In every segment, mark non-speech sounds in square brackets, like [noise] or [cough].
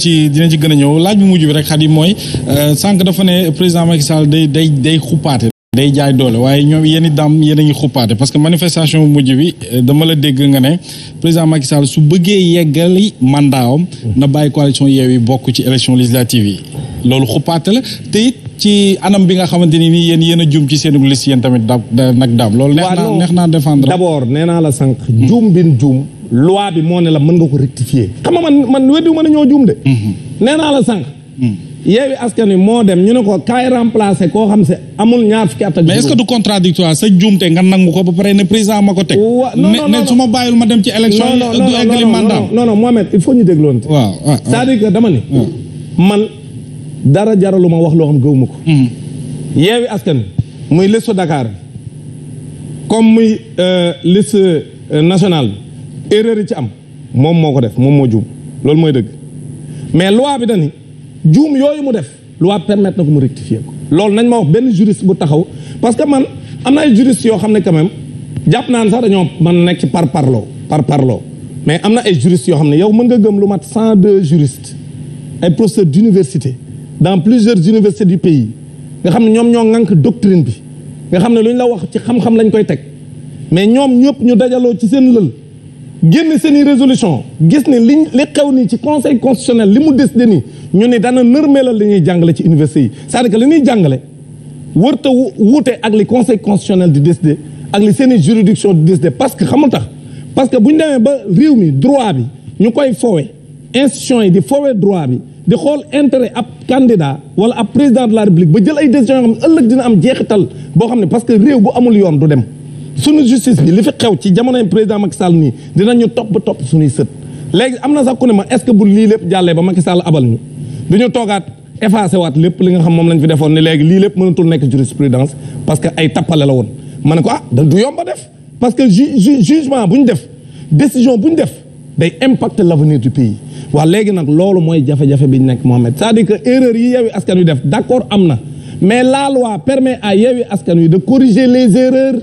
ci dinañ ci gën a ñëw laaj bu mujj bi rek xat yi mooy euh, sànq dafa ne président Macky Sall day day day xuppaate day jaay doole waaye ñoom yéen i daam yéen a ngi xuppaate parce que manifestation bu mujj bi euh, dama la dégg nga ne président Macky Sall su bëggee yeggali mandaawam na bàyyi coalition yi bokk ci élection législative yi loolu xuppaate la te it ci anam bi nga xamante ni nii yéen yéen a juum ci seen liste yéen tamit da nag daam loolu neex naa neex naa défendre d'abord nee naa la sànq juum bin juum loi bi moo ne la mën nga ko rectifier xam nga man man weddiwu mën a ñoo juum de mhm. nee la sànq mhm. yeewi askan wi moo dem ñu ne ko kaay remplacer koo xam se amul ñaar fukki at ak mais est-ce que du contradictoire sa nga nangu ko ba pare ne président ma ko teg ne ma bàyyul ma dem ci élection du eggali mandat non non Mohamed il faut ñu dégloonte waaw c'est-à-dire dama man dara jaralu ma wax loo xam gëwuma ko mhm. yeewi askan wi muy liste Dakar comme muy euh, liste euh, nationale erreur yi ci am moom moo ko def moom moo juum loolu mooy dëgg mais loi bi dani juum yooyu mu def loi permettre na ko mu rectifier ko loolu nañ ma wax benn juriste bu taxaw parce que man am na ay juristes yoo xam ne quand même jàpp naa ne sax dañoo man nekk ci par parloo par parloo mais am na ay juristes yoo xam ne yow mën nga gëm lu mat cent de juristes ay professeurs d'université dans plusieurs universités du pays nga xam ne ñoom ñoo ŋànk doctrine bi nga xam ne lu ñu la wax ci xam-xam lañ koy teg mais ñoom ñëpp ñu dajaloo ci seen lël génn seen i résolution gis ne liñ li xew nii ci conseil constitutionnel li mu décidé nii ñu ne dana nërmeelal li ñuy jàngale ci université yi c'est-à-dire que li ñuy jàngale wërta wuute ak li conseil constitutionnel di décidé ak li seen i juridiction di décidé parce que xamul tax parce que bu ñu demee ba réew mi droit bi ñu koy foowe institution yi di foowe droit bi di xool intérêt ab candidat wala ab président de la république ba jël ay décision yoo xam ëllëg dina am jeexital boo xam ne parce que réew bu amul yoon du dem suñu justice bi li fi xew ci jamonoy président Macky Sall nii dinañu topp topp suñuy sët léegi am na sax ku ne ma est-ce que bu lii lépp jàllee ba Macky Sall abal ñu du ñu toogaat effacé waat lépp li nga xam moom lañ fi defoon ne léegi lii lépp mënatul nekk jurisprudence parce que ay tappale la woon ma ne ko ah da du yomba def parce que ju jugement bu ñu def décision bu ñu def day impacter l'avenir du pays waa léegi nag loolu mooy jafe-jafe bi ñu nekk Mohamed c'est-à-dire que erreur yi Yewwi Askan Wi def d'accord am na mais la loi permet à Yewwi Askan Wi de corriger les erreurs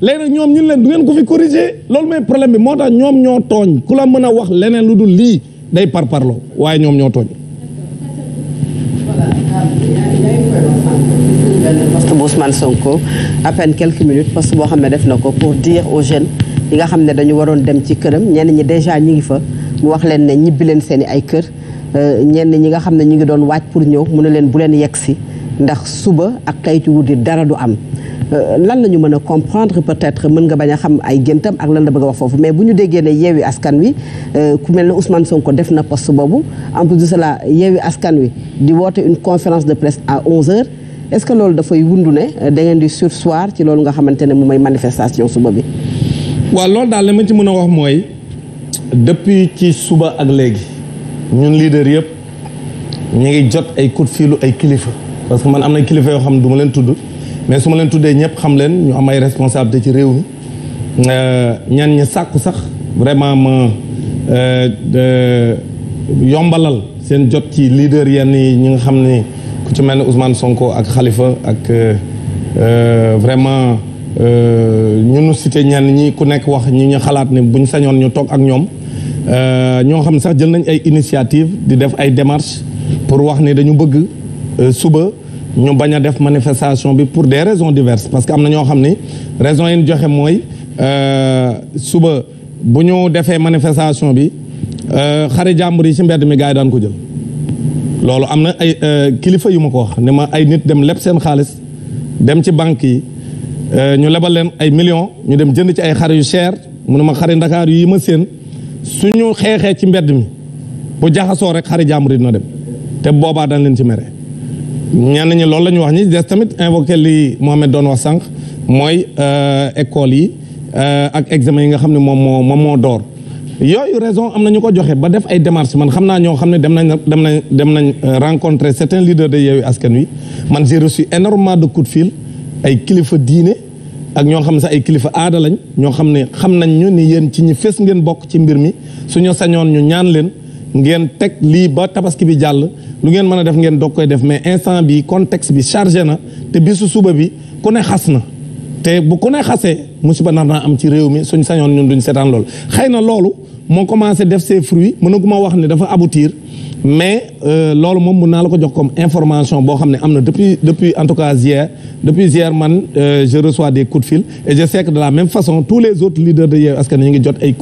léegi nag ñoom ñun leen du ngeen ko fi corriger loolu mooy problème bi moo tax ñoom ñoo tooñ ku la mën a wax leneen lu dul lii day parparloo waaye ñoom ñoo tooñ. poste bu Sonko à peine quelques minutes boo xam ne def na ko pour dire aux jeunes yi nga xam ne dañu waroon dem ci këram ñenn ñi déjà ñi ngi fa mu wax leen ne ñibbi leen seeni ay kër euh, ñenn ñi nga xam ne ñu ngi doon waaj pour ñëw mu ne leen bu leen yegg si ndax suba ak kayitu di dara du am. Euh, lan la ñu mën a comprendre peut-être mën nga bañ a xam ay géntam ak lan la bëgg a wax foofu mais bu ñu déggee ne yeewi askan wi euh, ku mel ne son ko def na poste boobu en plus de cela yeewi askan wi di woote une conférence de presse à 11 est-ce que loolu dafay wundu ne euh, da ngeen di sursoir ci loolu nga xamante ne mu may manifestation suba bi. waaw loolu daal la ma ci mën a wax mooy depuis ci suba ak léegi ñun leader yëpp ñu ngi jot ay coup de ay kilifa parce man am na kilifa yoo xam ne du leen tudd. mais su ma leen tuddee ñëpp xam leen ñu am ay responsabilité ci réew mi euh, ñan ñi sàkku sax vraiment ma euh, yombalal seen jot ci leader yenn yi ñi nga xam ne ku ci mel ni Ousmane Sonko ak xalifa ak euh, vraiment ñunu cité ñenn ñi ku nekk wax ñi ñu xalaat ne buñ sañoon ñu toog ak ñoom ñoo xam ne sax jël nañ ay initiative di def ay démarches pour wax ni dañu bëgg suba ñu bañ a def manifestation bi pour des raisons diverses parce que am na ñoo xam ni raison yi ñu joxe mooy euh, suba bu ñu defee manifestation bi euh, xare jàmbur yi ci mbedd mi gars yi daan ko jël. loolu am na ay euh, kilifa yu ma ko wax ne ma ay nit dem leb seen xaalis dem ci banque yi ñu lebal leen ay millions ñu dem jënd ci ay xar yu cher mu ma xari ndakaar yi ma seen suñu xeexee ci mbedd mi bu jaxasoo rek xari jàmbur yi dina dem te boobaa dañ leen ci mere. ñenn ñi loolu la ñu wax ñi des tamit invoqué li Mohamed doon wax sànq mooy euh, école yi euh, ak examen yi nga xam ne moom moo moom moo door yooyu raison am na ñu ko joxe ba def ay démarches man xam naa ñoo xam ne dem nañ dem nañ dem nañ euh, rencontrer certains leaders de Yewwi Askan Wi man j'ai reçu énormément de coups de fil ay kilifa diine ak ñoo xam ne ay kilifa aada ñoo xam ne xam nañ ñu ni yéen ci ñi fës ngeen bokk ci mbir mi suñu sañoon ñu ñaan leen ngeen teg lii ba tabaski bi jàll lu ngeen mën a def ngeen doog koy def mais instant bi contexte bi chargé na te bisu suba bi ku ne xas na te bu ku ne xasee musiba nar naa am ci réew mi suñ sañoon ñun duñ seetaan loolu xëy na loolu moo commencé def ses fruits mënaguma wax ne dafa aboutir mais euh, loolu moom mun naa la ko jox comme information boo xam ne am na depuis depuis en tout cas hier depuis hier man euh, je reçois des coups de fil et je sais de la même façon tous les autres leaders de ñu ngi jot ay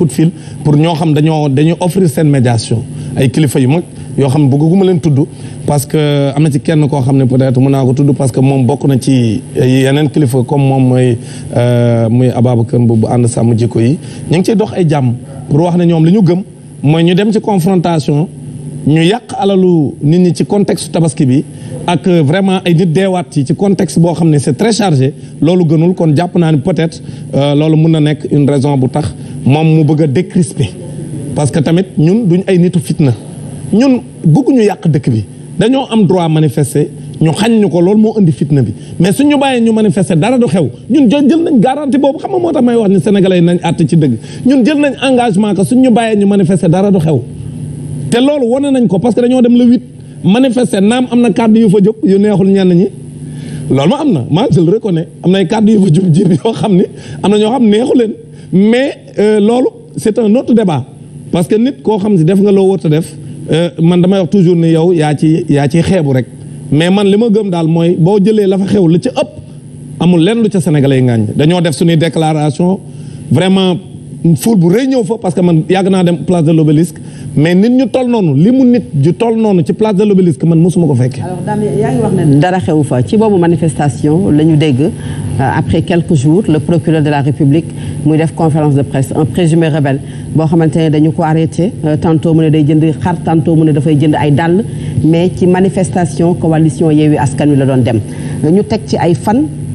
pour ñoo xam dañoo dañuy offrir seen médiation ay kilifa yu mag yoo xam ne bëgguma leen tudd parce que am na ci kenn koo xam ne peut-être mën naa ko tudd parce que moom bokk na ci yeneen kilifa comme moom mooy euh, muy Ababacar Mbow bu ànd sàmm jikko yi ñu ngi ciy dox ay jàmm pour wax ne ñoom li ñu gëm mooy ñu dem ci confrontation ñu yàq alalu nit ñi ci contexte tabaski bi ak vraiment ay nit deewaat ci ci contexte boo xam ne c'est très chargé loolu gënul kon jàpp naa ne peut-être euh, loolu mun na nekk une raison bu tax moom mu bëgg a décrisper parce que tamit ñun duñ ay nitu fitna ñun bëgguñu yàq dëkk bi dañoo am droit manifester ñu xañ ñu ko loolu moo indi fitna bi mais suñu bàyyee ñu manifester dara du xew ñun jël jël nañ garantie boobu xam nga moo tax may wax ni sénégalais nañ àtt ci dëgg ñun jël nañ engagement que suñ ñu bàyyee ñu manifester dara du xew te loolu wane nañ ko parce que dañoo dem la huit manifester naam am na kàddu yu fa jóg yu neexul ñenn ñi loolu ma am na ma je le reconnais am nay kàddu yu fa jub jib yoo xam ni am na ñoo xam neexu leen mais euh, loolu c'est un autre débat parce que nit koo xam si def nga loo wër te def euh, man damay wax toujours ni yow yaa ci yaa ciy xeebu rek mais man li ma gëm daal mooy boo jëlee la fa xew li ca ëpp amul lenn lu ca sénégal yi ngaañ dañoo def suñuy déclaration vraiment ful bu rëy ñëw fa parce que man yàgg naa dem place de l'obélisque mais nit ñu toll noonu li mu nit ju toll noonu ci place de l'obélisque man mosuma ko fekkee. alors Dame yaa ngi wax ne dara xewu fa ci boobu manifestation la ñu dégg euh, après quelque jour le procureur de la République muy def conférence de presse un présumé rebelle boo xamante ne dañu ko arrêté euh, tantôt mu ne day jënd xar tantôt mu ne dafay jënd ay dàll mais ci manifestation coalition Yewwi Askan Wi la doon dem ñu teg ci ay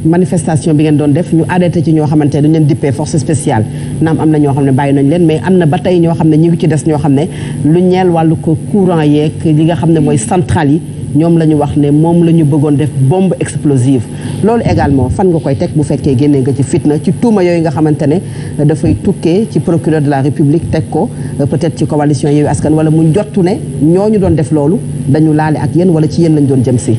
manifestation bi ngeen doon def ñu arrêté ci ñoo xamante ne dañ leen dippee force spéciale naam am na ñoo xam ne bàyyi nañ leen mais am na ba tey ñoo xam ne ñu ngi ci des ñoo xam ne lu ñeel wàllu ko courant yeeg li nga xam ne mooy centrale yi ñoom la ñu wax ne moom la ñu bëggoon def bombe explosive loolu également fan nga koy teg bu fekkee génnee nga ci fitna ci tuuma yooyu nga xamante ne dafay tukkee ci procureur de la république teg ko euh, peut-être ci coalition Yewwi Askan wala mu jottu ne ñooñu doon def dañu laale ak yéen wala ci yéen lañ doon jëm si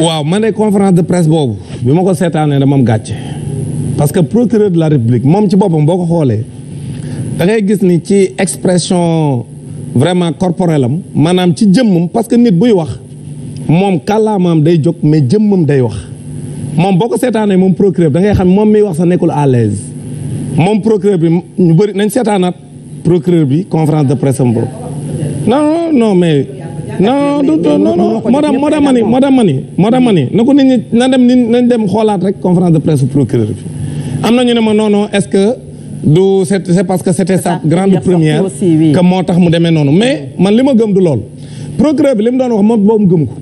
waaw ma ne conférence de presse boobu bi ma ko seetaanee dama moom gàcce parce que procureur de la république moom ci boppam boo ko xoolee da ngay gis ni ci expression vraiment corporelle am maanaam ci jëmmam parce que nit buy wax moom kàllaamaam day jóg mais jëmmam day wax moom boo ko seetaanee moom procureur bi da ngay xam moom muy wax sa nekkul à l'aise moom procureur bi ñu bëri nañ seetaanaat procureur bi conférence de presse am boobu non non non non non non moo tax moo tax ma ni moo tax ma ni moo tax ma ni na ko nit ñi na dem nit nañ dem xoolaat rek conférence de presse procureur bi am na ñu ne ma non non est-ce que du c'est c'est parce que c'était sa grande première que moo tax mu demee noonu mais man li ma gëm du loolu procureur bi li mu doon wax moom boobu gëm ko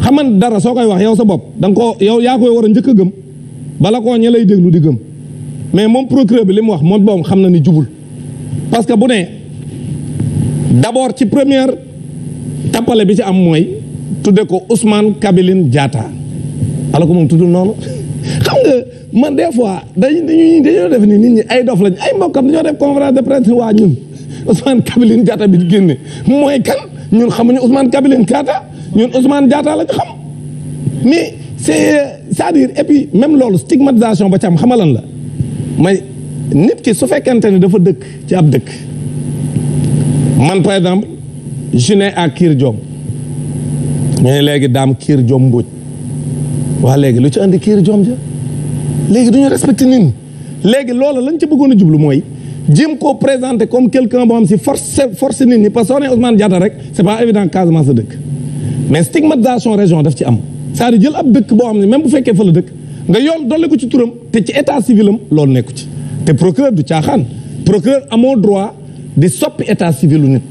xam nga dara soo koy wax yow sa bopp da nga koo yow yaa koy war a njëkk a gëm bala koo ña lay déglu di gëm mais moom procureur bi li mu wax moom boobu xam na ni jubul parce que bu ne d'abord ci première tappale bi ci am mooy tudde ko Ousmane Kabiline Diatta alors que moom tuddul noonu [laughs] xam nga man des fois dañuy dañuy dañoo def ni nit ñi ay dof lañ ay mbokkam dañoo def conférence de presse waa ñun [laughs] Ousmane Kabiline Diatta bi génne mooy kan ñun xamuñu Ousmane Kabiline Diatta ñun Ousmane Diatta lañu xam mais c'est c'est-à-dire et puis même loolu stigmatisation ba ci am xamalan la may nit ki su fekkente ni dafa dëkk ci ab dëkk man par exemple Juné ak kiir Diom ñu léegi daam Kire Diom Mbodj waa léegi lu ci andi kiir Diom ja léegi du ñu respecté nit ñi léegi loola lañ ci bëggoon a jublu mooy jéem koo présente comme quelqu'un boo xam si force force nit ñi parce que soo nee Ousmane Diatta rek c'est pas évident Casamance dëkk mais stigmatisation région daf ci am cest à jël ab dëkk boo xam ne même bu fekkee fa dëkk nga yoon dolli ko ci turam te ci état civil am loolu nekku ci te procureur du caaxaan procureur amoo droit di soppi état civil nit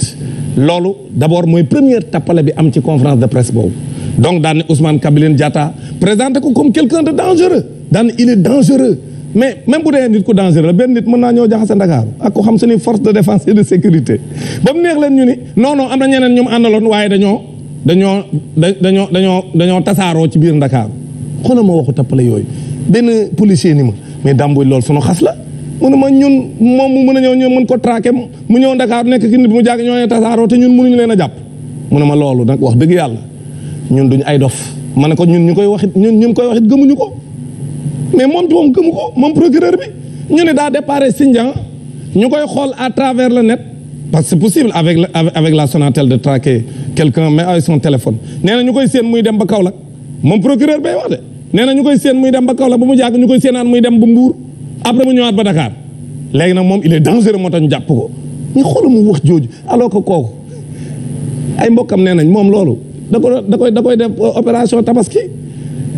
loolu d'abord mooy première tappale bi am ci conférence de presse boobu donc daan ne Ousmane Kabiline Diatta présenté ko comme quelqu'un de dangereux daan il est dangereux mais même bu dee nit ku dangereux la benn nit mën naa ñoo jaxase Ndakaaru ak ko xam suñuy force de défense et de sécurité ba mu neex leen ñu ni non non am na ñeneen ñu mu àndaloon waaye dañoo dañoo dañoo dañoo dañoo tasaaroo ci biir Ndakaaru xoolal ma waxu tappale yooyu benn policier ni mais Dame Mbodj loolu sunu xas la mu ma ñun moom mu mën a ñëw ñu mën ko traqué mu ñëw Dakar nekk ki mu jàgg ñoo ne tasaaroo te ñun mënuñu leen a jàpp mu ma loolu nag wax dëgg yàlla ñun duñ ay dof ma ne ko ñun ñu koy waxit ñun ñu koy waxit gëmuñu ko mais moom ci moom gëmu ko moom procureur bi ñu ne daa déparé Sindian ñu koy xool à travers le net parce que c'est possible avec avec la Sonatel de traquer quelqu'un mais avec son téléphone nee na ñu koy séen muy dem ba Kaolack moom procureur bay wax de nee na ñu koy séen muy dem ba Kaolack ba mu jàgg ñu koy séenaan muy dem ba Mbuur après mu ñëwaat ba Dakar léegi nag moom il est dangereux moo tax jàpp ko ñu xoolu mu wax jooju alors ko kooku ay mbokkam nee nañ moom loolu da ko da koy da koy def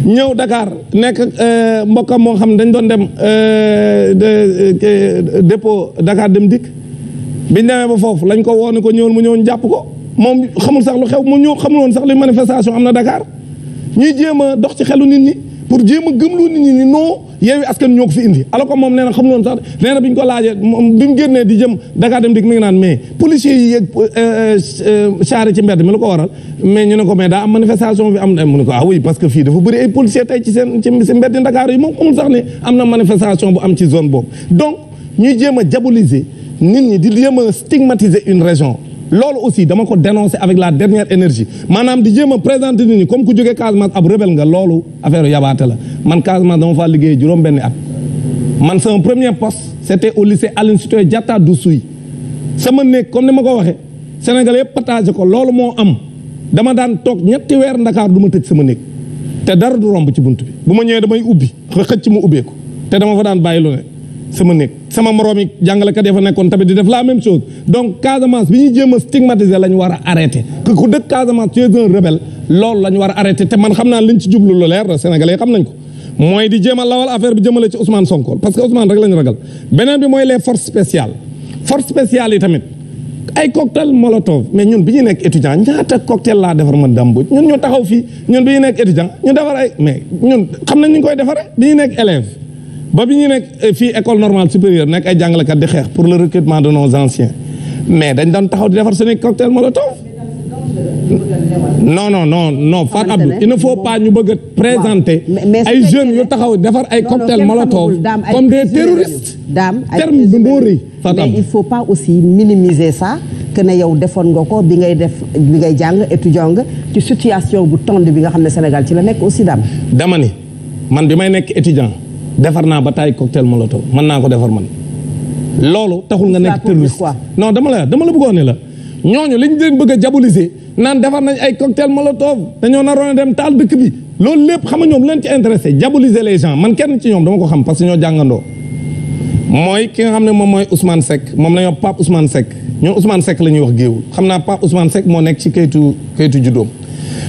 ñëw Dakar nekk euh, mbokkam moo xam dañ doon dem euh, euh, dépôt Dakar dem dikk biñ demee ba foofu lañ ko woo ko ñëwul mu ñëwoon jàpp ko moom xamul saxlu xew mu ñëw xamul woon sax li manifestation am na dakaar ñuy jéem a dox ci xelu nit ñi pour jéem a nit ñi ni Yewwi Askan ñoo ko fi indi alors que moom nee na xamul woon sax nee na bi ñu ko laajee moom mu génnee di jëm Dakar dem dik mi ngi naan mais policiers yi yéeg euh, euh, charré ci mbedd mi lu ko waral mais ñu ne ko mais daa am manifestation bi am na mu ah parce que fii dafa bëri ay policiers tey ci seen ci mbedd na manifestation bu am ci zone boobu donc ñuy jéem a nit ñi di jéem a stigmatiser une région loolu aussi dama ko dénoncer avec la dernière énergie maanaam di jéem a présenter nit ñi comme ku jógee Casamance ab rebelle nga loolu affaire yabaate la man Casamance dama faa liggéey juróom-benni at man sama première poste c' était au lycée Aline Sitoé Diatta du Souy sama néeg comme ni ma ko waxee Sénégal yëpp partagé ko loolu moo am dama daan toog ñetti weer Ndakaar du ma tëj sama néeg te dara du romb ci bunt bi bu ma ñëwee damay ubbi xëcc mu ubbeeku te dama fa daan bàyyi lu sama néeg sama moroomi jàngalekat dee fa nekkoon tamit di def la même chose donc Casamance bi ñuy jéem a stigmatiser la ñu war a arrêté que ku dëkk Casamance tu es un rebelle loolu la ñu war a arrêté te man xam naa liñ ci jublu lu leer sénégalais xam nañ ko mooy di jéem a lawal affaire bi jëmale ci Ousmane Sonko parce que Ousmane rek la ragal beneen bi mooy les forces spéciales forces spéciales yi tamit ay cocktail molotov mais ñun bi ñu nekk étudiant ñaata cocktail laa defar man dambu ñun ñu taxaw fii ñun bi ñu nekk étudiant ñu xam nañ ni ñu koy defaree bi ñu nekk élève ba bi ñu nekk eh, fii école normale supérieure nekk ay jàngalekat di xeex pour le recrutement de nos anciens mais dañ doon taxaw di defar seen cocktail molotov non non no non Fat Abdou il ne faut pas ñu bëgg a présenter ay jeunes yu taxaw defar ay cocktail molotov comme des terroristes terme bi moo rëy Fat Abdou mais il faut pas aussi minimiser sa que ne yow defoon nga ko bi ngay def bi ngay jàng étudiant nga ci situation bu tond bi nga xam ne Sénégal ci la nekk aussi daam dama man bi may nekk étudiant defar naa ba taay cocktail molotov mën naa ko defar man loolu taxul nga nekk terroriste non dama la dama la bëggoon ne la ñooñu liñ leen bëgg a naan defar nañ ay cocktail molotov dañoo naroon dem taal dëkk bi loolu lépp xam nga ñoom leen ci intéressé diaboliser les gens man kenn ci ñoom dama ko xam parce que ñoo jàngandoo mooy ki nga xam ne moom mooy Ousmane Seck moom la ñu wax Pape Ousmane Seck ñoom Ousmane la ñuy wax géewul xam naa Pape Ousmane Seck moo nekk ci kayitu kayitu juddoom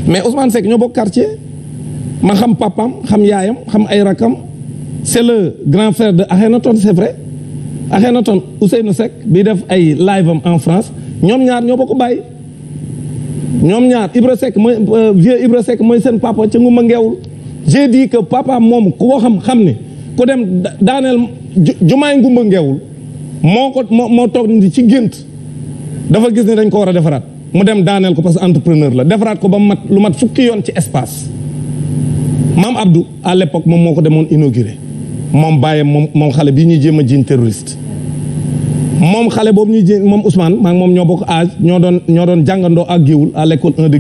mais Ousmane Seck ñoo bokk quartier ma xam papam xam yaayam xam ay rakam c'est le grand frère de Akhenaton c'est vrai Akhenaton Ousseynou Seck bi def ay live am en France ñoom ñaar ñoo ko bàyyi ñoom ñaar Ibra Seck mooy euh, vieux Ibra mooy seen papa ca nguma ngeewul j'ai dit que papa moom ku ko xam xam ne ku dem daaneel jumaay ngumba ngeewul moo ko moo moo toog ni ci gént dafa gis ne dañ ko war a defaraat mu dem daaneel ko parce que entrepreneur la defaraat ko ba mat lu mat fukki yoon ci espace maam Abdou à l'époque moom moo ko demoon inauguré moom bàyyi moom moom xale bi ñuy jéem a jiin terroriste moom xale boobu ñuy jéem moom Ousmane maa moom ñoo bokk âge ñoo doon ñoo doon jàngandoo ak Géoul à l'école 1 de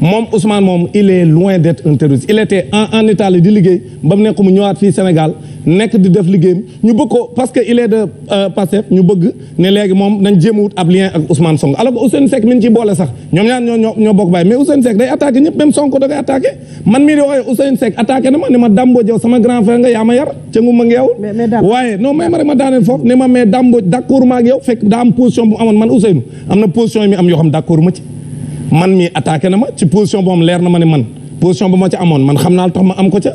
moom Ousmane moom il est loin d'être un terroriste il était en en Italie di liggéey ba mu nekk mu ñëwaat fii Sénégal nekk di def liggéeyam ñu bëgg ko parce que il est de euh, Pastef ñu bëgg ne léegi moom dañ jéem a wut ab lien ak Ousmane Sonko alors que Ousseynou Seck mi ngi boole sax ñoom ñaar ñoo bokk bàyyi mais Ousseynou Seck day attaqué ñëpp même Sonko da koy attaqué man mii di waxee Ousseynou Seck attaqué na ma ne ma Dambo Diaw sama grand frère nga yaa ma yar ca ngu ma ngeew waaye non mais ma rek ma daaneel foofu ne ma mais Dambo d'accord ma ak fekk daa am position bu amoon man Ousseynou am na position yi mi am yoo xam d'accord ma ci man mii attaqué na ma ci position leer na ma man position amoon man xam naa tax ma am ko ca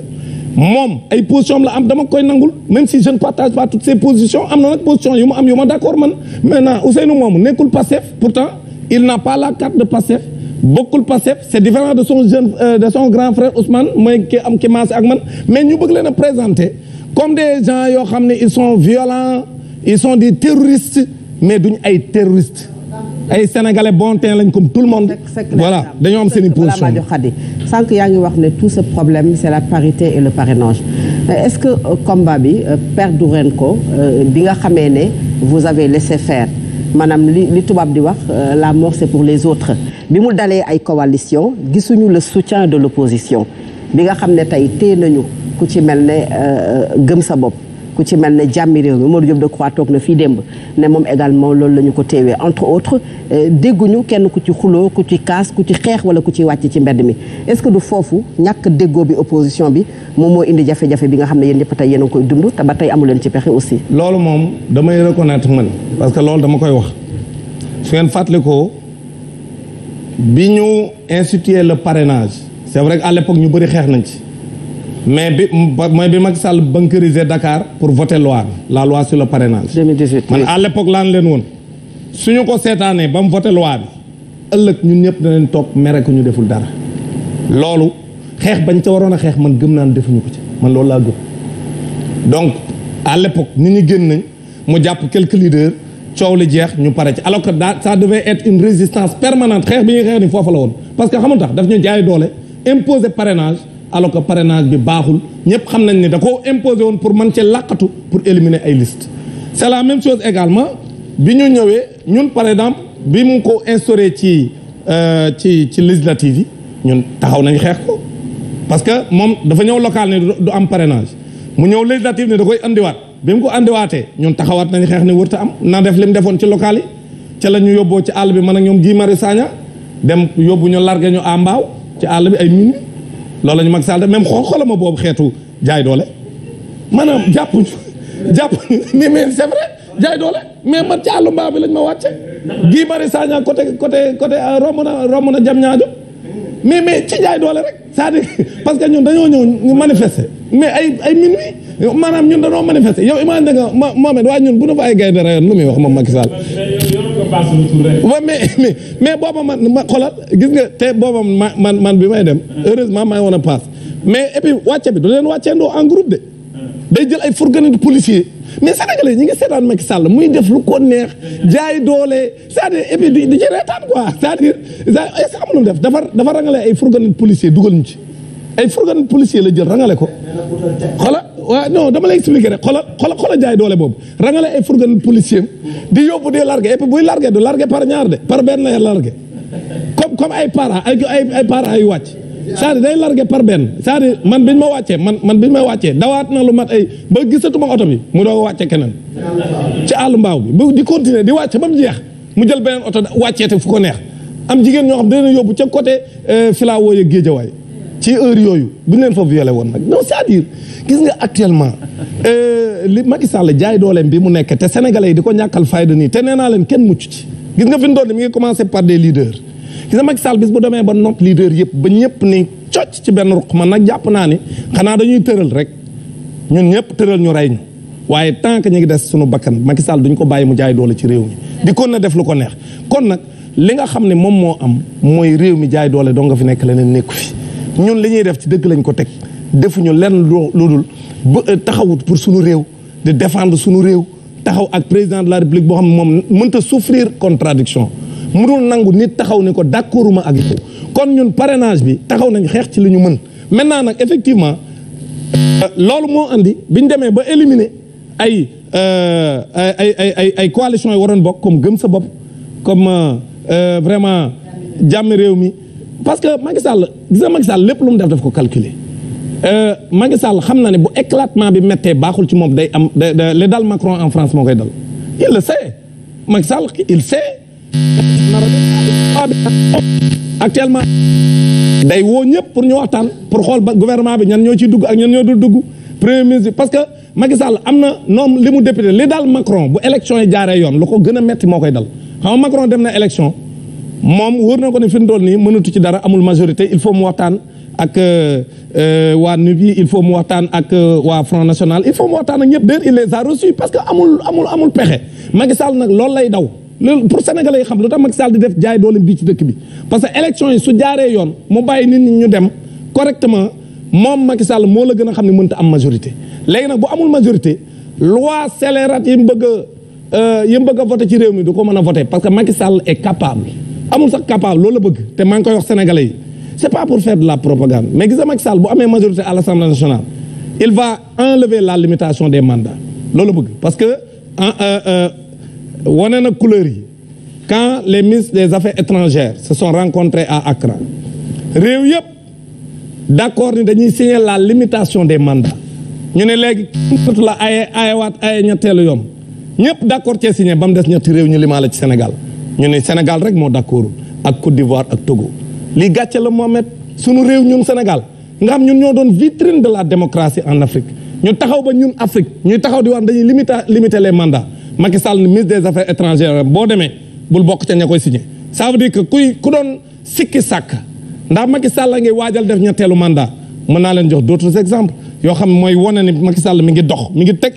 moom ay position la am dama koy nangul même si je ne partage pas toutes ses positions am na nag position yu ma am yu ma d'accord man maintenant Ousseynou moomu nekkul Pastef pourtant il n'a pas la carte de Pastef bokkul Pastef c'est différent de son jeune euh, de son grand frère Ousmane mooy ki am ki maase ak man mais ñu bëgg leen a présenter comme des gens yoo xam ne ils sont violents ils sont des terroristes mais duñ ay terroristes ay sénégalais bon teint lañ comme tout le monde. voilà dañoo am seen i position balaa maa jox sànq yaa ngi wax ne tout ce problème c' la parité et le parrainage est ce que euh, combat bi euh, perdu ren ko euh, bi nga xamee ne vous avez laissé faire maanaam li li tubaab di wax la mort pour les autres. bi mu dalee ay coalition gisuñu le soutien de l' opposition bi nga xam ne tey téye nañu ku ci mel ne gëm sa bopp. ku ci mel ne jàmmi réew mi Modou Diop Decroix toog na fii démb ne moom également loolu la ñu ko téewee entre autres euh, dégguñu kenn ku ci xuloo ku ci kaas ku ci xeex wala ku ci wàcc ci mbedd mi est-ce que du foofu ñàkk déggoo bi opposition bi moom moo indi jafe-jafe bi nga xam ne yéen ñëpp tey yéen a ngi koy dund te ba tey amu leen ci pexe aussi loolu moom damay reconnaître man parce que loolu dama koy wax su ngeen ko bi ñu institué le parrainage c vrai que à ñu bëri xeex nañ ci mais bi mooy bi Macky Sall bunkériser Dakar pour voter loi bi la loi sur le parrainage. 2018 man à l'époque laan leen woon suñu ko seetaanee ba mu voter loi bi ëllëg ñun ñëpp leen toog mere ñu deful dara loolu xeex bañ ca waroon a xeex man gëm naa defuñu ko ci man loolu laa gëm donc à l'époque nit ñi génn nañ mu jàpp quelques leaders coow li jeex ñu pare ci alors que daa ça devait être une résistance permanente xeex bi ñuy xeex ni foofu la woon parce que xamul tax daf ñu jaay doole imposer parrainage. alors que parrainage bi baaxul ñëpp xam nañ ne da koo imposé woon pour mën cee làqatu pour éliminer ay liste c' est la même chose également bi ñu ñëwee ñun par exemple bi mu ko instauré ci euh, ci ci législative yi ñun taxaw nañ xeex ko parce que moom dafa ñëw local ne du am parenage mu ñëw législative ne da koy andiwaat bi mu ko andiwaatee ñun taxawaat nañ xeex ne wërta am na def li defoon ci local yi ca la ñu yóbboo ci àll bi man ak ñoom Guy Marius dem yóbbu ñu largué ñu à ci àll bi ay minuit loolu la ñu Macky Sall même xool xoolama boobu xeetu jaay doole maanaam jàpp jàpp ni [laughs] mais c'est vrai jaay mais man ci àllu mbaa bi lañ ma wàcce Guy Marius Sagna côté côté côté euh, romb na romb na jam ñaajo mais mais ci jaay doole rek cest à [laughs] parce que ñun dañoo ñëw ñu manifester mais ay ay minuit maanaam ñun dañoo manifester yow imagine nga Mohamed waaye ñun bu nu fa ay gaynde rayoon lu muy wax moom Macky Sall waaw mais mais mais booba man ma xoolal gis nga te booba ma man man bi may dem heureusement maa ngi woon a paas mais et puis bi du leen wàcceendoo en groupe de day jël ay fourgonnette policier mais sénégalais ñi nga seetaan Macky Sall muy def lu ko neex jaay doole c'est-à-dire di ci reetaan quoi c'est-à-dire est-ce am lu def dafa dafa rangale ay fourgonnette policier dugal ñu ci ay fourgonnette policier la jël rangale ko xoolal waaw non dama lay expliquer rek xoolal xoolal xoolal jaay doole boobu rangale ay fourgon policier di yóbbu di largué et puis buy large du largué par ñaar de par benn lay largué comme comme ay para ay ay para ay wàcc cest day largué par benn cest man biñ ma wàccee man man biñ ma wàccee dawaat na lu mat ay ba gisatuma oto bi mu doog wàcce keneen ci àll mbaaw bi bu di continuer di wàcce ba mu jeex mu jël beneen oto wàccee wàcceete fu ko neex am jigéen ñoo xam dana yóbbu ca côté euh, filawoo ya waay ci heure yooyu bu ñu leen fa violé woon nag non c'est-à-dire gis nga actuellement euh, li Macky Sall jaay dooleem bi mu nekk te sénégalais yi di ko ñàkkal fayda nii te nee naa leen kenn mucc ci gis nga fi mu doon ne mi ngi commencé par des leaders gis nga Macky Sall bis bu demee ba nopp leaders yëpp ba ñëpp ni cocc ci benn ruq man nag jàpp naa ni xanaa dañuy tëral rek ñun ñëpp tëral ñu rey ñu waaye tant que ñu ngi des suñu bakkan Macky Sall duñ ko bàyyi mu jaay doole ci réew m di kon na def lu ko neex kon nag li nga xam ne moom moo am mooy réew mi jaay doole doo fi nekk leneen nekku fi ñun li ñuy def ci dëgg lañ ko teg defuñu lenn lu dul ba euh, taxawut pour suñu réew di défendre suñu réew taxaw ak président de la république boo xam ne moom mënta souffrir contradiction mënul nangu nit taxaw ni ko d'accorduma ak yow kon ñun parrainage bi taxaw nañ xeex ci li ñu mën maintenant nag effectivement euh, loolu moo andi biñ demee ba éliminer ay euh, ay ay ay ay coalition yi waroon bokk comme gëm sa bopp comme vraiment jàmm réew mi parce que Macky Sall gis nga Macky lépp lu mu def daf ko calculer euh, Macky Sall xam na ne bu éclatement bi méttee baaxul ci moom day am da li dal Macron en France moo koy dal il le sait Macky Sall il sait actuellement day woo ñëpp pour ñu waxtaan pour xool ba gouvernement bi ñan ñoo ciy dugg ak ñan ñoo dul dugg premier ministre parce que Macky Sall am na noom li mu député li daal Macron bu élection yi jaaree yoon lu ko gën a metti moo koy dal xam nga Macron dem na élection moom wóor na ko ne fi mu toll nii mënatu ci dara amul majorité il faut mu waxtaan ak euh, euh, waa NUP yi il faut mu waxtaan ak euh, waa Front National il faut mu waxtaan ak ñëpp déet il les a reçus parce que amul amul amul pexe Macky Sall nag loolu lay daw loolu pour sénégalais yi xam lu tax Macky Sall di def jaay dooleem bii ci dëkk bi parce que élection yi su jaaree yoon mu bàyyi nit ñi ñu dem correctement moom Macky Sall moo la gën a xam ne mënta am majorité léegi nag bu amul majorité loi scélérate yi mu bëgg a yi mu bëgg a voté ci réew mi du ko mën a voté parce que Macky Sall est capable amul sax capable loolu la bëgg te maa ngi koy wax sénégalais yi c'est pas pour faire de la propagande mais gis nga Macky Sall bu amee majorité à l'Assemblée nationale il va enlever la limitation des mandats loolu bëgg parce que euh, euh, wane na couleur yi quand les ministres des affaires étrangères se sont rencontrés à Accra réew yëpp d'accord ni dañuy signer la limitation des mandats ñu ne léegi la aye waat aye ñetteelu yoon ñëpp d'accord cee signer ba mu des ñetti réew ñu limaa la ci Sénégal ñu ne Sénégal rek moo d'accord ak Côte d'Ivoire ak Togo lii gàcce la Mohamed sunu réew ñun Sénégal nga xam ñun ñoo doon vitrine de la démocratie en Afrique ñu taxaw ba ñun Afrique ñuy taxaw di wax dañuy limiter limiter les mandats Macky Sall ministre des affaires étrangères boo demee bul bokk ca ña koy signé sa veut dire que kuy ku doon sikki sàkk ndax Macky Sall la ngay waajal def ñetteelu mandat mën naa leen jox d'autres exemples yoo xam mooy wane ni Macky Sall mi ngi mi ngi teg